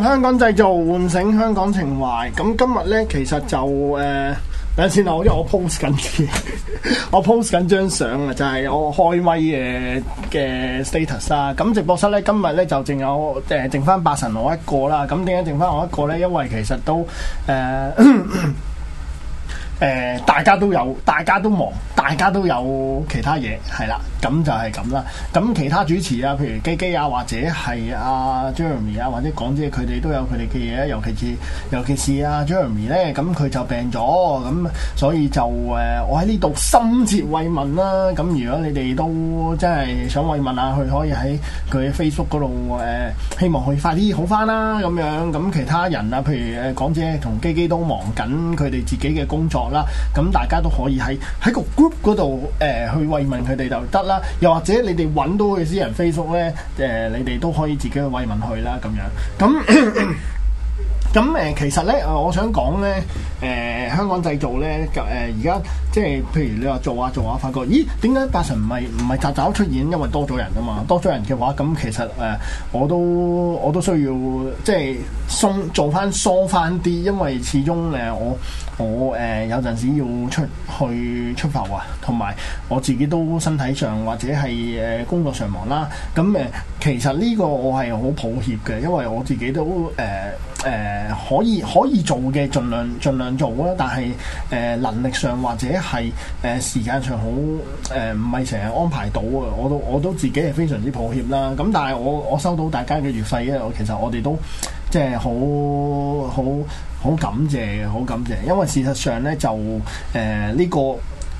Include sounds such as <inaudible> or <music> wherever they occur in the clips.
香港製造，喚醒香港情懷。咁今日咧，其實就誒、呃，等下先啦，因為我 post 緊，我 post 緊張相啊，就係我開咪嘅嘅 status 啦。咁直播室咧，今日咧就淨有誒，淨翻八神我一個啦。咁點解淨翻我一個咧？因為其實都誒誒、呃呃，大家都有，大家都忙，大家都有其他嘢，係啦。咁就係咁啦。咁其他主持啊，譬如基基啊，或者係阿、啊、Jeremy 啊，或者港姐佢哋都有佢哋嘅嘢，尤其是尤其是阿、啊、Jeremy 咧，咁佢就病咗，咁所以就誒、呃、我喺呢度深切慰問啦、啊。咁如果你哋都真係想慰問啊，佢可以喺佢 Facebook 度誒、呃、希望可以快啲好翻啦、啊。咁樣咁其他人啊，譬如誒港姐同基基都忙緊佢哋自己嘅工作啦、啊。咁大家都可以喺喺個 group 度誒、呃、去慰問佢哋就得啦。又或者你哋揾到嘅私人 Facebook 咧，誒、呃，你哋都可以自己去慰問佢啦，咁樣咁咁誒，其實咧、呃，我想講咧。誒、呃、香港製造咧，誒而家即係譬如你話做下、啊、做下、啊、發覺咦點解八神唔係唔係雜雜出現，因為多咗人啊嘛，多咗人嘅話，咁其實誒、呃、我都我都需要即係鬆做翻鬆翻啲，因為始終誒我我誒、呃、有陣時要出去出發啊，同埋我自己都身體上或者係誒工作上忙啦。咁誒、呃、其實呢個我係好抱歉嘅，因為我自己都誒誒、呃呃、可以可以做嘅，盡量盡量。做啦，但係誒、呃、能力上或者係誒、呃、時間上好誒，唔係成日安排到啊！我都我都自己係非常之抱歉啦。咁但係我我收到大家嘅月費咧，我其實我哋都即係好好好感謝嘅，好感謝。因為事實上咧，就誒呢、呃呢個。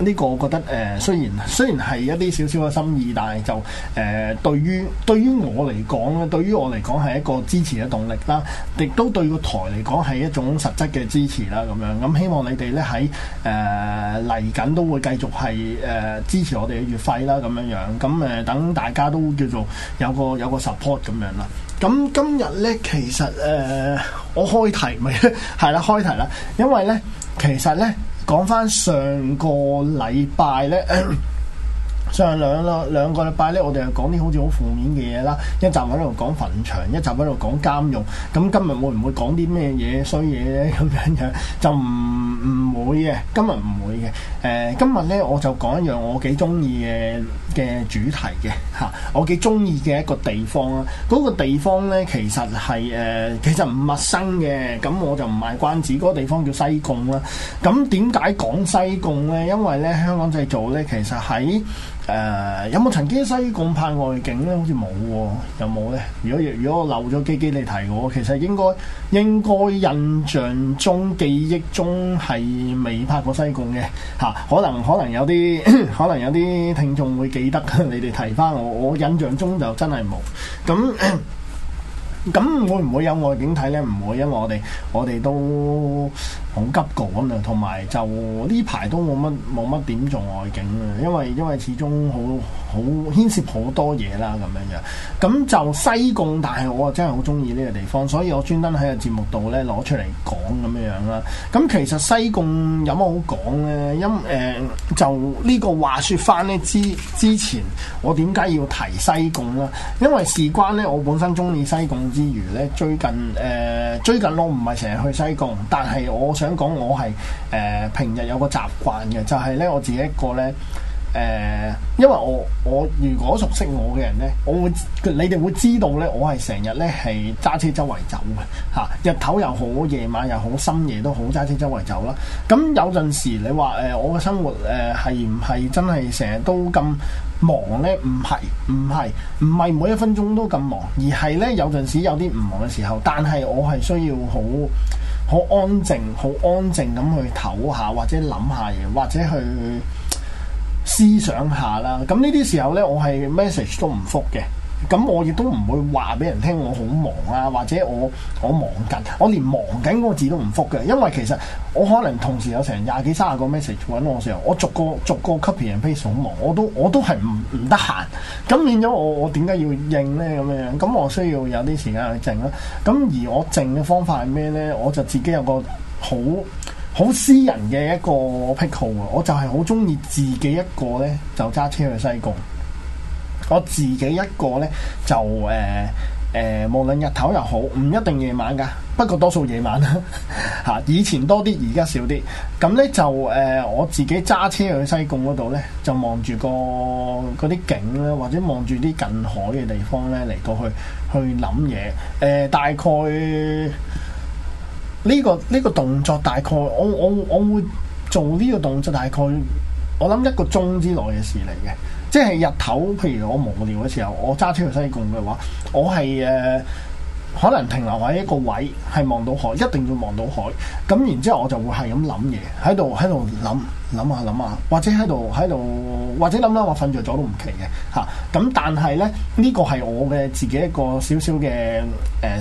呢個我覺得誒、呃，雖然雖然係一啲少少嘅心意，但係就誒對於對於我嚟講咧，對於我嚟講係一個支持嘅動力啦，亦都對個台嚟講係一種實質嘅支持啦。咁樣咁希望你哋咧，喺誒嚟緊都會繼續係誒、呃、支持我哋嘅月費啦，咁樣樣咁誒等大家都叫做有個有個 support 咁樣啦。咁今日咧其實誒、呃、我開題咪係啦開題啦，因為咧其實咧。講翻上個禮拜咧。 <coughs> 上兩兩兩個禮拜咧，我哋又講啲好似好負面嘅嘢啦，一集喺度講墳場，一集喺度講監獄。咁今日會唔會講啲咩嘢衰嘢咧？咁樣樣就唔唔會嘅，今日唔會嘅。誒、呃，今日咧我就講一樣我幾中意嘅嘅主題嘅嚇，我幾中意嘅一個地方啦。嗰、那個地方咧其實係誒，其實唔、呃、陌生嘅，咁我就唔賣關子。嗰、那個地方叫西貢啦。咁點解講西貢咧？因為咧香港製造咧，其實喺誒、uh, 有冇曾經西貢拍外景呢？好似冇喎，有冇呢？如果如果我漏咗機機，你提我，其實應該應該印象中記憶中係未拍過西貢嘅嚇、啊。可能可能有啲可能有啲聽眾會記得，你哋提翻我。我印象中就真係冇。咁咁會唔會有外景睇呢？唔會，因為我哋我哋都。好急趕啊，同埋就呢排都冇乜冇乜點做外景啊，因為因為始終好好牽涉好多嘢啦咁樣樣。咁就西貢，但係我真係好中意呢個地方，所以我專登喺個節目度咧攞出嚟講咁樣樣啦。咁其實西貢有乜好講咧？因誒、呃、就呢個話説返咧，之之前我點解要提西貢啦？因為事關咧，我本身中意西貢之餘咧，最近誒、呃、最近我唔係成日去西貢，但係我。想講，我係誒平日有個習慣嘅，就係呢我自己一個呢。誒、呃，因為我我如果熟悉我嘅人呢，我會你哋會知道呢，我係成日呢係揸車周圍走嘅嚇、啊，日頭又好，夜晚又好，深夜都好，揸車周圍走啦。咁有陣時你話誒、呃，我嘅生活誒係唔係真係成日都咁忙呢？唔係唔係唔係每一分鐘都咁忙，而係呢，有陣時有啲唔忙嘅時候，但係我係需要好。好安靜好安靜咁去唞下，或者諗下嘢，或者去思想下啦。咁呢啲時候咧，我係 message 都唔覆嘅。咁我亦都唔會話俾人聽我好忙啊，或者我我忙緊，我連忙緊個字都唔覆嘅，因為其實我可能同時有成廿幾、三十個 message 揾我嘅時候，我逐個逐個 copy and paste 好忙，我都我都係唔唔得閒。咁變咗我我點解要應咧咁樣？咁我需要有啲時間去靜啦。咁而我靜嘅方法係咩咧？我就自己有個好好私人嘅一個癖好啊！我就係好中意自己一個咧，就揸車去西貢。我自己一個呢，就誒誒、呃呃，無論日頭又好，唔一定夜晚噶，不過多數夜晚啦，嚇！以前多啲，而家少啲。咁呢，就誒、呃，我自己揸車去西貢嗰度呢，就望住、嗰啲景啦，或者望住啲近海嘅地方呢，嚟到去去諗嘢。誒、呃，大概呢、呢個呢、呢個動作大概，我我我會做呢個動作大概。我諗一個鐘之內嘅事嚟嘅，即係日頭，譬如我無聊嘅時候，我揸車去西貢嘅話，我係誒、呃，可能停留喺一個位，係望到海，一定要望到海，咁然之後我就會係咁諗嘢，喺度喺度諗。諗下諗下，或者喺度喺度，或者諗啦，啊這個、我瞓着咗都唔奇嘅嚇。咁但係咧，呢個係我嘅自己一個少少嘅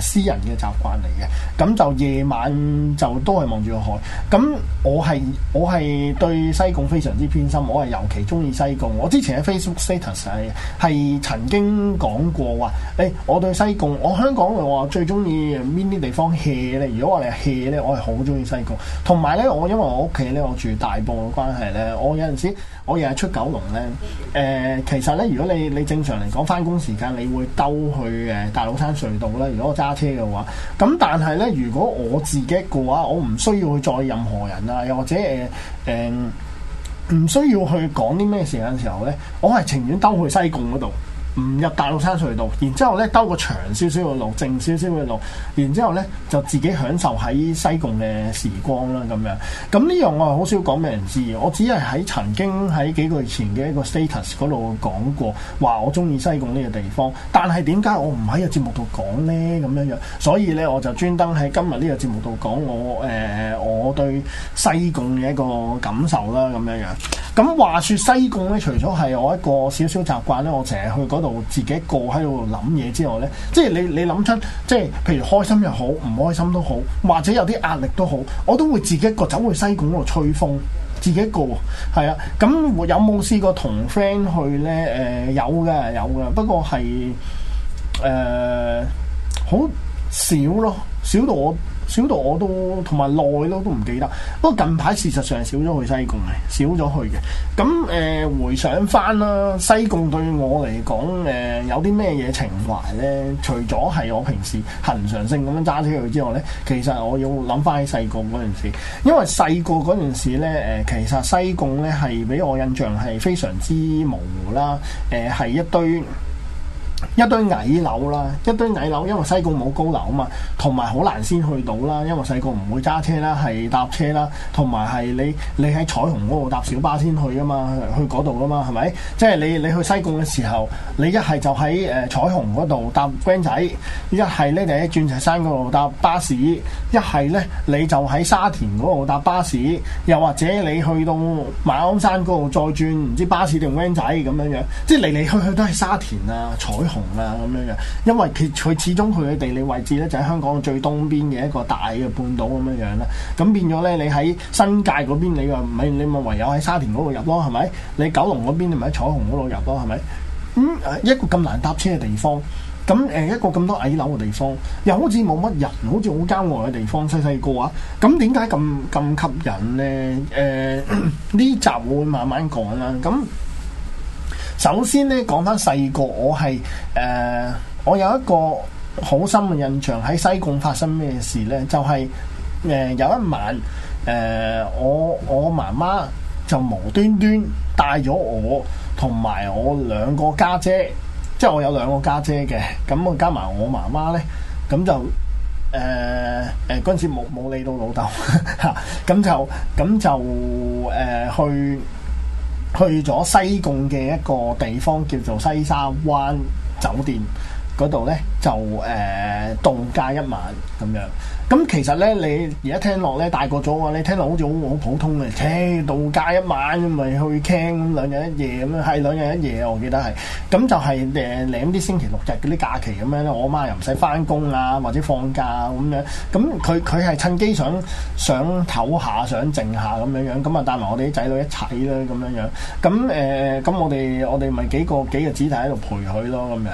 誒私人嘅習慣嚟嘅。咁、啊嗯、就夜晚就都係望住個海。咁、啊嗯、我係我係對西貢非常之偏心，我係尤其中意西貢。我之前喺 Facebook status 係係曾經講過話，誒、欸，我對西貢，我香港嘅話最中意邊啲地方 hea 咧？如果我哋 hea 咧，我係好中意西貢。同埋咧，我因為我屋企咧，我住大埔。關係咧，我有陣時我日日出九龍咧，誒、呃，其實咧，如果你你正常嚟講翻工時間，你會兜去誒大老山隧道啦，如果我揸車嘅話，咁但係咧，如果我自己嘅話，我唔需要去載任何人啊，又或者誒誒，唔、呃、需要去講啲咩時間嘅時候咧，我係情願兜去西貢嗰度。唔入大陸山隧道，然之後咧兜個長少少嘅路，靜少少嘅路，然之後咧就自己享受喺西貢嘅時光啦咁樣。咁呢樣我係好少講俾人知，我只係喺曾經喺幾個月前嘅一個 status 嗰度講過，話我中意西貢呢個地方。但係點解我唔喺個節目度講呢？咁樣樣？所以咧我就專登喺今日呢個節目度講我誒、呃、我對西貢嘅一個感受啦咁樣樣。咁話説西貢咧，除咗係我一個少少習慣咧，我成日去度自己個喺度諗嘢之後呢，即係你你諗出即係，譬如開心又好，唔開心都好，或者有啲壓力都好，我都會自己一個走去西貢度吹風，自己個係啊。咁有冇試過同 friend 去呢？誒、呃，有嘅有嘅，不過係誒好少咯，少到我。少到我都同埋耐咯，都唔記得。不過近排事實上少咗去西貢嘅，少咗去嘅。咁誒、呃、回想翻啦，西貢對我嚟講誒有啲咩嘢情懷咧？除咗係我平時恒常性咁樣揸車去之外咧，其實我要諗翻起細個嗰陣時，因為細個嗰陣時咧誒、呃，其實西貢咧係俾我印象係非常之模糊啦。誒、呃、係一堆。一堆矮樓啦，一堆矮樓，因為西貢冇高樓啊嘛，同埋好難先去到啦，因為細個唔會揸車啦，係搭車啦，同埋係你你喺彩虹嗰度搭小巴先去啊嘛，去嗰度啊嘛，係咪？即係你你去西貢嘅時候，你一係就喺誒彩虹嗰度搭 van 仔，一係呢，就喺鑽石山嗰度搭巴士，一係呢，你就喺沙田嗰度搭巴士，又或者你去到馬鞍山嗰度再轉唔知巴士定 van 仔咁樣樣，即係嚟嚟去去都係沙田啊彩虹。啊咁樣樣，因為佢佢始終佢嘅地理位置咧就喺香港最東邊嘅一個大嘅半島咁樣樣啦，咁變咗咧你喺新界嗰邊，你話唔係你咪唯有喺沙田嗰度入咯，係咪？你九龍嗰邊你咪喺彩虹嗰度入咯，係咪？咁、嗯、一個咁難搭車嘅地方，咁誒一個咁多矮樓嘅地方，又好似冇乜人，好似好郊外嘅地方，細細個啊，咁點解咁咁吸引咧？誒、呃、呢集我會慢慢講啦，咁。首先咧，講翻細個，我係誒、呃，我有一個好深嘅印象喺西貢發生咩事咧？就係、是、誒、呃、有一晚誒、呃，我我媽媽就無端端帶咗我同埋我兩個家姐，姐，即係我有兩個家姐嘅，咁加埋我媽媽咧，咁就誒誒嗰陣時冇冇理到老豆，咁 <laughs> 就咁就誒、呃、去。去咗西貢嘅一個地方叫做西沙灣酒店，嗰度呢就誒度假一晚咁樣。咁其實咧，你而家聽落咧，大個咗喎。你聽落好似好好普通嘅，聽度假一晚，咪去傾咁兩日一夜咁樣，係兩日一夜我記得係。咁就係誒攬啲星期六日嗰啲假期咁樣咧，我媽又唔使返工啊，或者放假咁樣。咁佢佢係趁機想想唞下，想靜下咁樣樣，咁啊帶埋我哋啲仔女一齊啦咁樣樣。咁誒咁我哋我哋咪幾個幾個子弟喺度陪佢咯咁樣。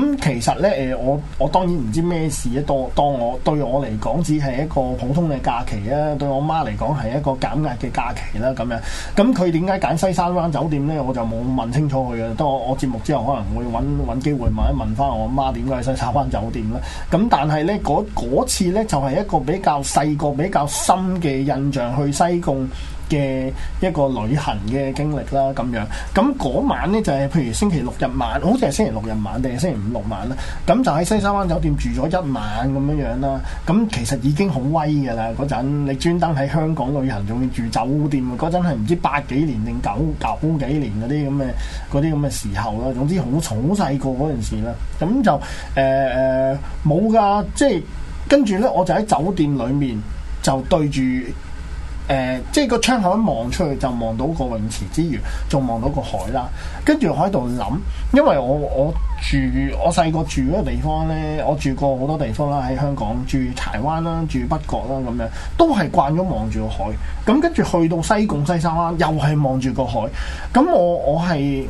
咁其實咧誒、呃，我我當然唔知咩事啊。當當我對我嚟講，只係一個普通嘅假期啊！對我媽嚟講係一個減壓嘅假期啦，咁樣。咁佢點解揀西沙灣酒店呢？我就冇問清楚佢啊。等我我節目之後可能會揾揾機會問一問翻我媽點解喺西沙灣酒店咧。咁但係呢，嗰次呢就係、是、一個比較細個、比較深嘅印象去西貢。嘅一個旅行嘅經歷啦，咁樣咁嗰、嗰個、晚呢，就係、係、譬如星期六日晚，好似係星期六日晚定係星期五六晚啦。咁就喺西沙灣酒店住咗一晚咁樣樣啦。咁其實已經好威㗎啦！嗰陣你專登喺香港旅行仲要住酒店，嗰陣係唔知八幾年定九九幾年嗰啲咁嘅嗰啲咁嘅時候啦。總之好重細個嗰陣時啦。咁就誒誒冇㗎，即係跟住呢，我就喺酒店裡面就對住。誒、呃，即係個窗口一望出去就望到個泳池之餘，仲望到個海啦。跟住我喺度諗，因為我我住我細個住嗰個地方呢，我住過好多地方啦，喺香港住柴灣啦，住北角啦咁樣，都係慣咗望住個海。咁跟住去到西貢西沙灣，又係望住個海。咁我我係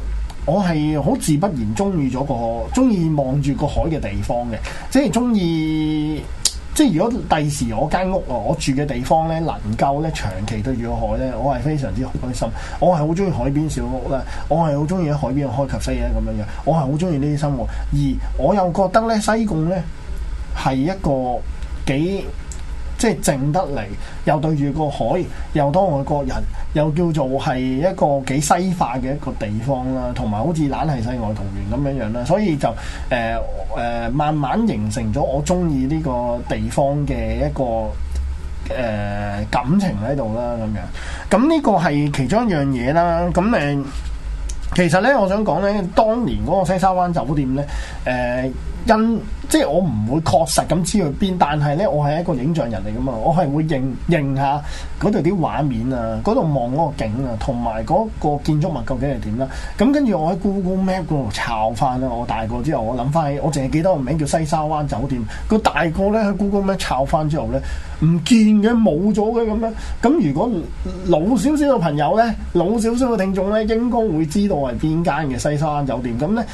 我係好自不然中意咗個中意望住個海嘅地方嘅，即係中意。即係如果第時我間屋啊，我住嘅地方咧能夠咧長期對住個海咧，我係非常之開心。我係好中意海邊小屋啦，我係好中意喺海邊開及西嘢咁樣樣，我係好中意呢啲生活。而我又覺得咧，西貢咧係一個幾。即係靜得嚟，又對住個海，又多外國人，又叫做係一個幾西化嘅一個地方啦，同埋好似懶係世外桃源咁樣樣啦，所以就誒誒、呃呃、慢慢形成咗我中意呢個地方嘅一個誒、呃、感情喺度啦，咁樣。咁呢個係其中一樣嘢啦。咁誒、呃，其實呢，我想講呢，當年嗰個西沙灣酒店呢，誒、呃、因。即係我唔會確實咁知道邊，但係咧我係一個影像人嚟噶嘛，我係會認認下嗰度啲畫面啊，嗰度望嗰個景啊，同埋嗰個建築物究竟係點啦。咁跟住我喺 Google Map 嗰度抄翻啦。我大個之後，我諗翻起，我淨係記得個名叫西沙灣酒店。個大個咧喺 Google Map 抄翻之後咧，唔見嘅冇咗嘅咁樣。咁如果老少少嘅朋友咧，老少少嘅聽眾咧，應該會知道係邊間嘅西沙灣酒店。咁咧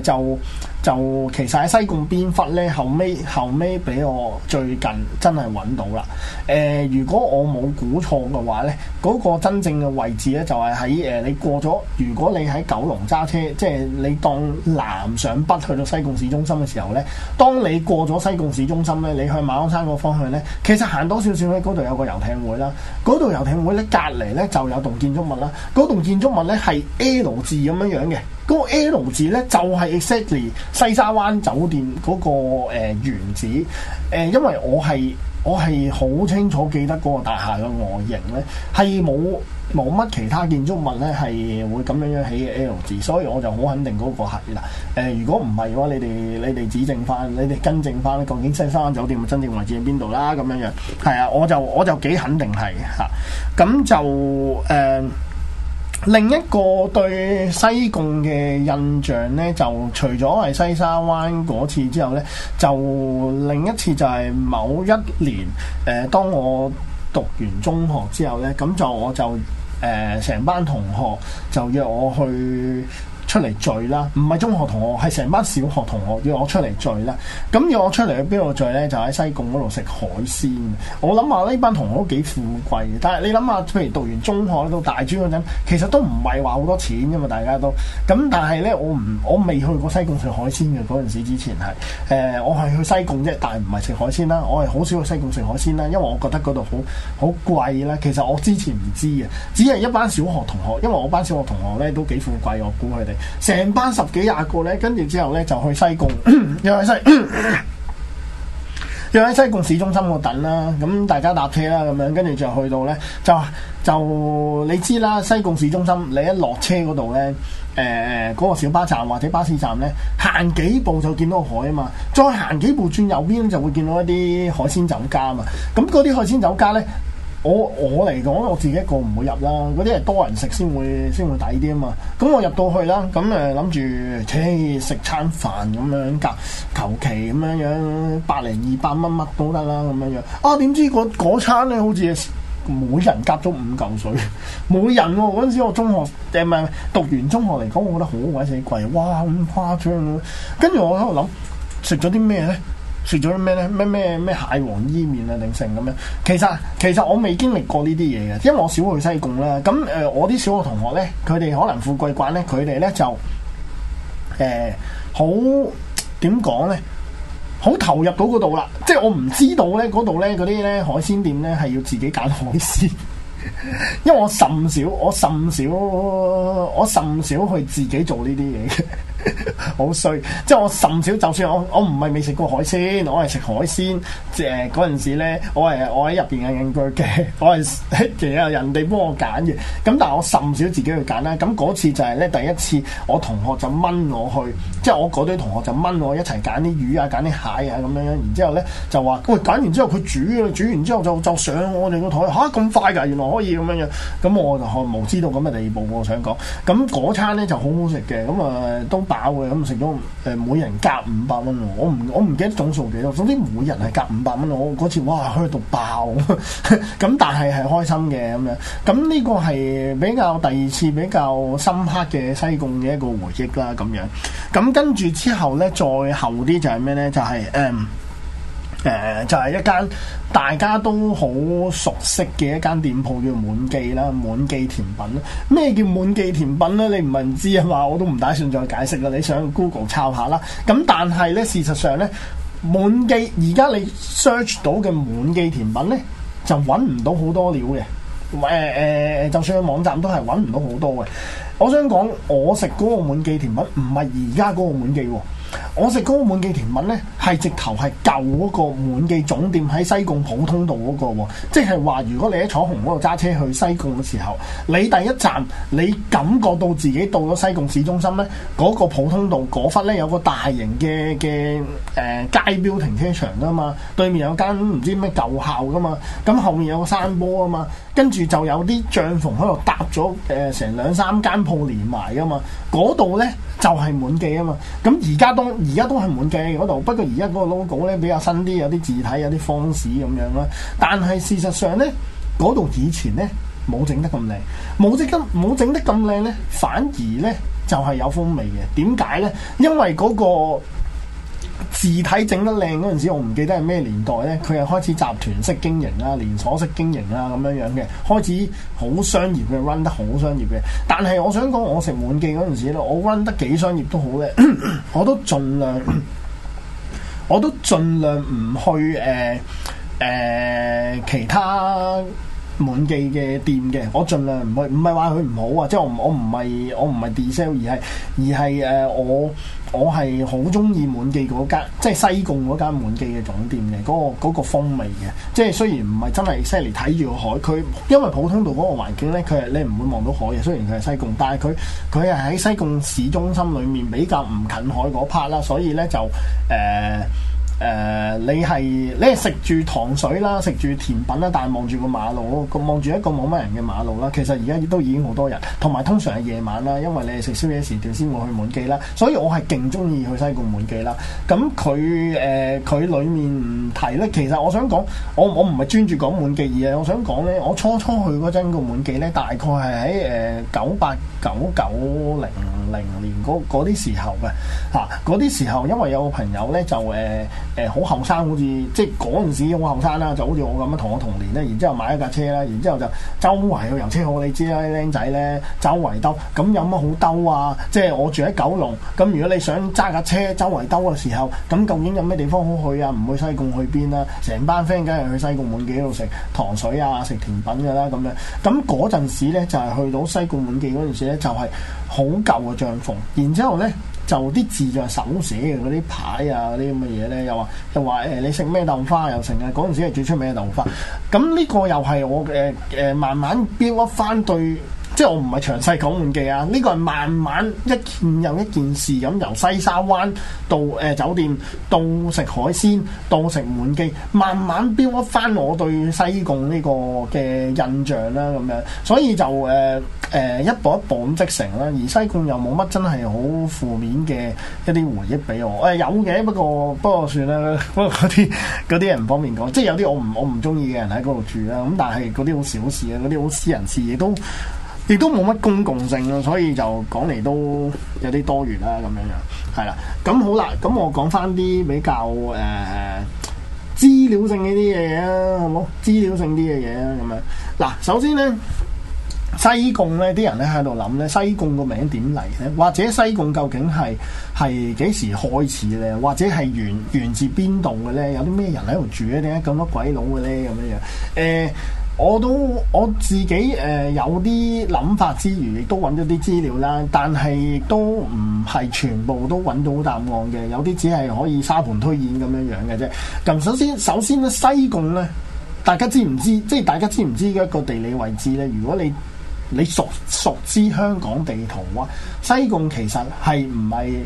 誒就就其實喺西貢邊。咧後尾後尾俾我最近真係揾到啦。誒、呃，如果我冇估錯嘅話呢嗰、嗰個真正嘅位置呢，就係喺誒你過咗，如果你喺九龍揸車，即係你當南上北去到西貢市中心嘅時候呢，當你過咗西貢市中心呢，你去馬鞍山個方向呢，其實行多少少呢，嗰度有個遊艇會啦。嗰度遊艇會呢，隔離呢就有棟建築物啦。嗰、嗰、棟、個、建築物呢，係 L 字咁樣樣嘅。嗰個 L 字咧就係、是、exactly 西沙灣酒店嗰、那個、呃、原址。誒、呃，因為我係我係好清楚記得嗰個大廈嘅外形咧，係冇冇乜其他建築物咧係會咁樣樣起 L 字，所以我就好肯定嗰個係啦。誒、呃，如果唔係嘅話，你哋你哋指正翻，你哋更正翻，究竟西沙灣酒店嘅真正位置喺邊度啦？咁樣樣係啊，我就我就幾肯定係嚇，咁、啊、就誒。呃。另一個對西貢嘅印象呢，就除咗係西沙灣嗰次之後呢，就另一次就係某一年，誒、呃，當我讀完中學之後呢，咁就我就呃、成班同學就約我去。出嚟聚啦，唔係中學同學，係成班小學同學要我出嚟聚啦。咁要我出嚟去邊度聚呢？就喺西貢嗰度食海鮮。我諗下呢班同學都幾富貴嘅，但係你諗下，譬如讀完中學到大專嗰陣，其實都唔係話好多錢噶嘛，大家都咁。但係呢，我唔我未去過西貢食海鮮嘅嗰陣時之前係誒、呃，我係去西貢啫，但係唔係食海鮮啦。我係好少去西貢食海鮮啦，因為我覺得嗰度好好貴啦。其實我之前唔知嘅，只係一班小學同學，因為我班小學同學呢都幾富貴，我估佢哋。成班十幾廿個咧，跟住之後咧就去西貢，又喺西，又喺西貢市中心度等啦。咁大家搭車啦，咁樣跟住就去到咧，就就你知啦。西貢市中心你一落車嗰度咧，誒、呃、嗰、那個小巴站或者巴士站咧，行幾步就見到海啊嘛。再行幾步轉右邊就會見到一啲海鮮酒家啊嘛。咁嗰啲海鮮酒家咧。我我嚟講，我自己一個唔會入啦。嗰啲係多人食先會先會抵啲啊嘛。咁我入到去啦，咁誒諗住，誒食餐飯咁樣夾求其咁樣樣，百零二百蚊乜都得啦咁樣樣。啊，點知嗰餐咧好似每人夾咗五嚿水，每人喎、喔、嗰陣時我中學誒唔係讀完中學嚟講，我覺得好鬼死貴，哇咁誇張。跟住我喺度諗，食咗啲咩咧？食咗啲咩咧？咩咩咩蟹黃伊麵啊，定剩咁樣？其實其實我未經歷過呢啲嘢嘅，因為我少去西貢啦。咁誒，我啲小學同學咧，佢哋可能富貴慣咧，佢哋咧就誒、呃、好點講咧？好投入到嗰度啦。即係我唔知道咧，嗰度咧嗰啲咧海鮮店咧係要自己揀海鮮，因為我甚少我甚少我甚少去自己做呢啲嘢。好衰， <laughs> 即係我甚少，就算我我唔係未食過海鮮，我係食海鮮，即係嗰陣時咧，我係我喺入邊嘅認具嘅，我係其實人哋幫我揀嘅，咁但係我甚少自己去揀啦。咁嗰次就係咧，第一次我同學就掹我去。即係我嗰堆同學就掹我一齊揀啲魚啊、揀啲蟹啊咁樣樣，然之後咧就話：喂，揀完之後佢煮，煮完之後就就上我哋個台吓，咁快㗎！原來可以咁樣。咁我就毫無知道咁嘅地步，我想講。咁嗰餐咧就好好食嘅，咁啊都飽嘅，咁食咗誒每人夾五百蚊。我唔我唔記得總數幾多，總之每人係夾五百蚊。我嗰次哇去到爆，咁 <laughs> 但係係開心嘅咁樣。咁呢個係比較第二次比較深刻嘅西貢嘅一個回憶啦，咁樣咁。跟住之後呢，再後啲就係咩呢？就係誒誒，就係、係、一間大家都好熟悉嘅一間店鋪叫滿記啦，滿記甜品。咩叫滿記甜品呢？你唔係唔知啊嘛？我都唔打算再解釋啦。你上 Google 抄下啦。咁但係呢，事實上呢，滿記而家你 search 到嘅滿記甜品呢，就揾唔到好多料嘅。誒、呃、誒、呃，就算去網站都係揾唔到好多嘅。我想講，我食嗰個滿記甜品，唔係而家嗰個滿記喎。我食嗰個滿記甜品呢，係直頭係舊嗰個滿記總店喺西貢普通道嗰個喎。即係話如果你喺彩虹嗰度揸車去西貢嘅時候，你第一站你感覺到自己到咗西貢市中心呢，嗰個普通道嗰忽呢，有個大型嘅嘅誒街標停車場噶嘛，對面有間唔知咩舊校噶嘛，咁後面有個山坡啊嘛，跟住就有啲帳篷喺度搭咗誒成兩三間鋪連埋噶嘛，嗰度呢就係滿記啊嘛，咁而家都而家都係滿記嗰度，不過而家嗰個 logo 咧比較新啲，有啲字體有啲方式咁樣啦。但係事實上咧，嗰度以前咧冇整得咁靚，冇整得冇整得咁靚咧，反而咧就係、是、有風味嘅。點解咧？因為嗰、那個。字體整得靚嗰陣時，我唔記得係咩年代呢？佢係開始集團式經營啦，連鎖式經營啦，咁樣樣嘅，開始好商業嘅，run 得好商業嘅。但係我想講，我食滿記嗰陣時咧，我 run 得幾商業都好咧， <laughs> 我都儘量，我都儘量唔去誒誒、呃呃、其他。滿記嘅店嘅，我盡量唔去，唔係話佢唔好啊，即係我我唔係我唔係 discount 而係而係誒、呃、我我係好中意滿記嗰間，即係西貢嗰間滿記嘅總店嘅嗰、嗰個嗰、嗰個、風味嘅，即係雖然唔係真係犀利睇住個海，佢因為普通度嗰個環境咧，佢係你唔會望到海嘅。雖然佢係西貢，但係佢佢係喺西貢市中心裡面比較唔近海嗰 part 啦，所以咧就誒。呃誒、呃，你係你係食住糖水啦，食住甜品啦，但係望住個馬路，望住一個冇乜人嘅馬路啦。其實而家亦都已經好多人，同埋通常係夜晚啦，因為你係食宵夜時段先會去滿記啦。所以我係勁中意去西貢滿記啦。咁佢誒佢裏面提咧，其實我想講，我我唔係專注講滿記而係我想講咧，我初初去嗰陣個滿記咧，大概係喺誒九八九九零，呃 98, 99, 90, 零年嗰啲時候嘅，嚇嗰啲時候，因為有個朋友咧就誒誒好後生，好似即係嗰陣時好後生啦，就好似我咁樣，同我同年咧，然之後買一架車啦，然之後就周圍去遊車，好，你知啦，僆仔咧周圍兜，咁有乜好兜啊？即係我住喺九龍，咁如果你想揸架車周圍兜嘅時候，咁究竟有咩地方好去啊？唔去西貢去邊啊？成班 friend 梗係去西貢滿記度食糖水啊，食甜品噶啦咁樣。咁嗰陣時咧就係去到西貢滿記嗰陣時咧就係。好舊嘅帳篷，然之後呢，就啲字像手寫嘅嗰啲牌啊，嗰啲咁嘅嘢呢？又話又話誒、哎，你食咩豆花又成啊！嗰陣時係最出名嘅豆花，咁、這、呢個又係我誒誒、呃、慢慢 build 翻對，即係我唔係詳細講滿記啊！呢、這個係慢慢一件又一件事咁，由西沙灣到誒、呃、酒店，到食海鮮，到食滿記，慢慢 build 翻我對西貢呢個嘅印象啦咁樣，所以就誒。呃誒、呃、一步一步咁積成啦，而西貢又冇乜真係好負面嘅一啲回憶俾我。誒、哎、有嘅，不過不過算啦， <laughs> 不過嗰啲啲人唔方便講，即係有啲我唔我唔中意嘅人喺嗰度住啦。咁但係嗰啲好小事啊，嗰啲好私人事，亦都亦都冇乜公共性咯，所以就講嚟都有啲多餘啦咁樣樣，係啦。咁好啦，咁我講翻啲比較誒、呃、資料性嘅啲嘢啊，好冇資料性啲嘅嘢啊咁樣。嗱，首先咧。西貢呢啲人咧喺度諗呢，西貢個名點嚟呢？或者西貢究竟係係幾時開始呢？或者係源源自邊度嘅呢？有啲咩人喺度住呢？點解咁多鬼佬嘅呢？咁樣樣誒、欸，我都我自己誒、呃、有啲諗法之餘，亦都揾咗啲資料啦，但係都唔係全部都揾到答案嘅，有啲只係可以沙盤推演咁樣樣嘅啫。咁首先，首先呢，西貢呢，大家知唔知？即係大家知唔知一個地理位置呢？如果你你熟熟知香港地圖啊，西貢其實係唔係？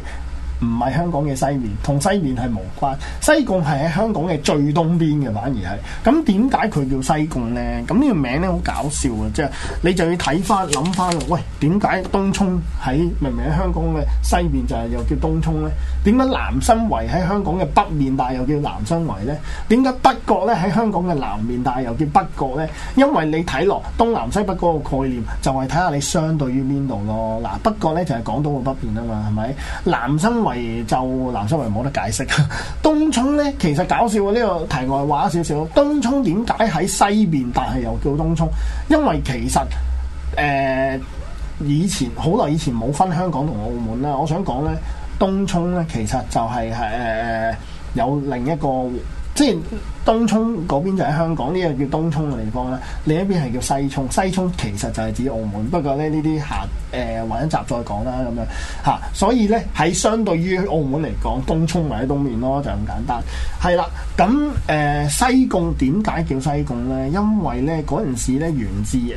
唔係香港嘅西面，同西面係無關。西貢係喺香港嘅最東邊嘅，反而係。咁點解佢叫西貢咧？咁呢個名咧好搞笑啊，即係你就要睇翻、諗翻咯。喂，點解東涌喺明明喺香港嘅西面就係又叫東涌咧？點解南生圍喺香港嘅北面，但係又叫南生圍咧？點解北角咧喺香港嘅南面，但係又叫北角咧？因為你睇落東南西北嗰個概念，就係睇下你相對於邊度咯。嗱，北角咧就係港島嘅北面啊嘛，係咪？南生圍。係就南生圍冇得解釋。東涌呢，其實搞笑喎，呢、這個題外話少少。東涌點解喺西面？但係又叫東涌？因為其實誒、呃、以前好耐以前冇分香港同澳門啦。我想講呢，東涌呢，其實就係、是、誒、呃、有另一個。即係東涌嗰邊就喺香港呢、呢個叫東涌嘅地方啦，另一邊係叫西涌。西涌其實就係指澳門，不過咧呢啲下誒或者一集再講啦，咁樣嚇、啊。所以咧喺相對於澳門嚟講，東涌或者東面咯，就咁簡單。係啦，咁誒、呃、西貢點解叫西貢咧？因為咧嗰陣時咧源自誒誒。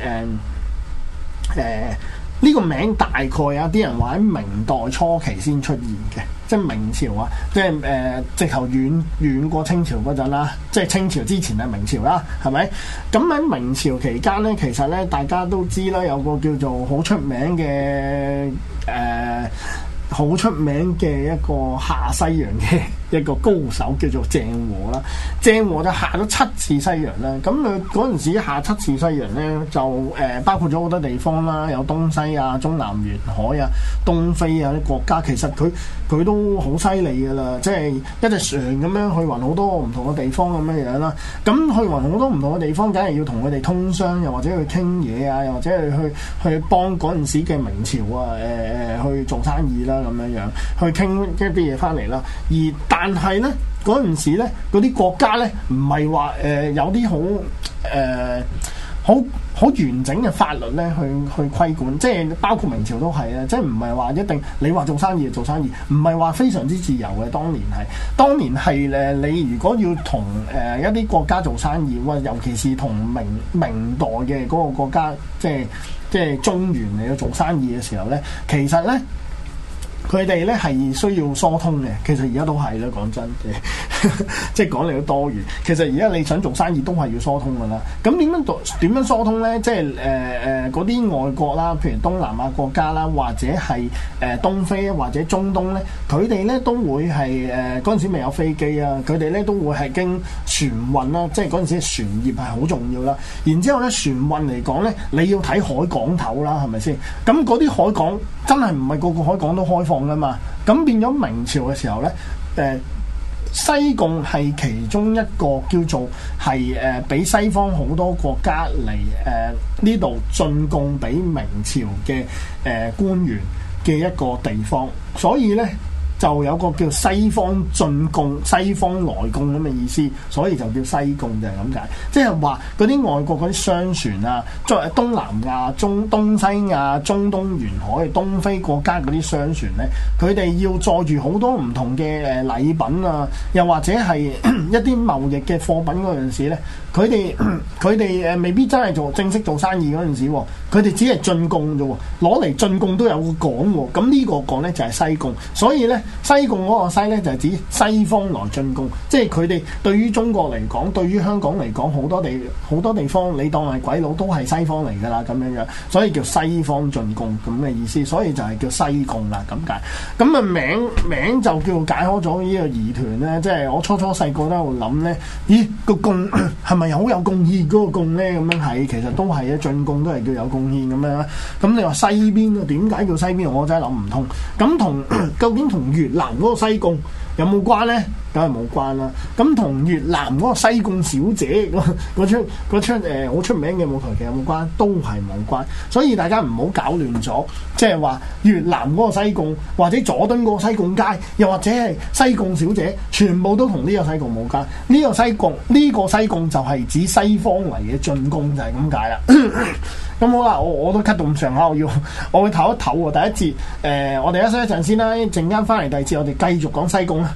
呃呃呢個名大概有啲人話喺明代初期先出現嘅，即係明朝啊，即係誒、呃、直頭遠遠過清朝嗰陣啦，即係清朝之前係明朝啦，係咪？咁喺明朝期間咧，其實咧大家都知啦，有個叫做好出名嘅誒，好、呃、出名嘅一個下西洋嘅。一個高手叫做鄭和啦，鄭和就下咗七次西洋啦。咁佢嗰陣時下七次西洋咧，就誒包括咗好多地方啦，有東西啊、中南沿海啊、東非啊啲國家。其實佢佢都好犀利㗎啦，即係一隻船咁樣去勻好多唔同嘅地方咁樣樣啦。咁去勻好多唔同嘅地方，梗係要同佢哋通商，又或者去傾嘢啊，又或者係去去幫嗰陣時嘅明朝啊誒誒去做生意啦咁樣樣，去傾一啲嘢翻嚟啦，而但係呢，嗰陣時呢，嗰啲國家呢，唔係話誒有啲好誒好好完整嘅法律呢去去規管，即係包括明朝都係啦，即係唔係話一定你話做生意就做生意，唔係話非常之自由嘅。當年係，當年係誒，你如果要同誒、呃、一啲國家做生意，哇，尤其是同明明代嘅嗰個國家，即係即係中原嚟做生意嘅時候呢，其實呢。佢哋咧係需要疏通嘅，其實而家都係啦，講真，即係講嚟都多餘。其實而家你想做生意都係要疏通㗎啦。咁點樣點樣疏通咧？即係誒誒嗰啲外國啦，譬如東南亞國家啦，或者係誒、呃、東非或者中東咧，佢哋咧都會係誒嗰陣時未有飛機啊，佢哋咧都會係經船運啦，即係嗰陣時船業係好重要啦。然之後咧，船運嚟講咧，你要睇海港頭啦，係咪先？咁嗰啲海港。真係唔係個個海港都開放噶嘛？咁變咗明朝嘅時候呢，誒、呃、西貢係其中一個叫做係誒俾西方好多國家嚟誒呢度進貢俾明朝嘅誒、呃、官員嘅一個地方，所以呢。就有個叫西方進貢、西方來貢咁嘅意思，所以就叫西貢就係咁解，即係話嗰啲外國嗰啲商船啊，作為東南亞、中東、西亞、中東沿海、東非國家嗰啲商船咧，佢哋要載住好多唔同嘅誒禮品啊，又或者係 <coughs> 一啲貿易嘅貨品嗰陣時咧，佢哋佢哋誒未必真係做正式做生意嗰陣時，佢哋只係進貢啫喎，攞嚟進貢都有個港喎，咁呢個港咧就係西貢，所以咧。西貢嗰個西咧，就係、是、指西方來進貢，即係佢哋對於中國嚟講，對於香港嚟講，好多地好多地方，你當係鬼佬都係西方嚟噶啦，咁樣樣，所以叫西方進貢咁嘅意思，所以就係叫西貢啦咁解。咁啊名名就叫解開咗呢個疑團咧，即係我初初細個都喺度諗咧，咦，貢咦是是貢個貢係咪好有貢獻嗰個貢咧？咁樣係其實都係啊，進貢都係叫有貢獻咁樣啦。咁你話西邊啊，點解叫西邊？我真係諗唔通。咁同究竟同？越南嗰個西貢有冇關呢？梗係冇關啦。咁同越南嗰個西貢小姐嗰出嗰出，誒好出名嘅舞台劇有冇關？都係冇關。所以大家唔好搞亂咗，即係話越南嗰個西貢，或者佐敦嗰個西貢街，又或者係西貢小姐，全部都同呢個西貢冇關。呢個西貢呢個西貢就係指西方嚟嘅進貢，就係咁解啦。 <coughs> 咁、嗯、好啦，我我都咳到咁上下，我要我會唞一唞喎。第一節，誒、呃，我哋休息一陣先啦，陣間翻嚟第二節我哋繼續講西貢啦。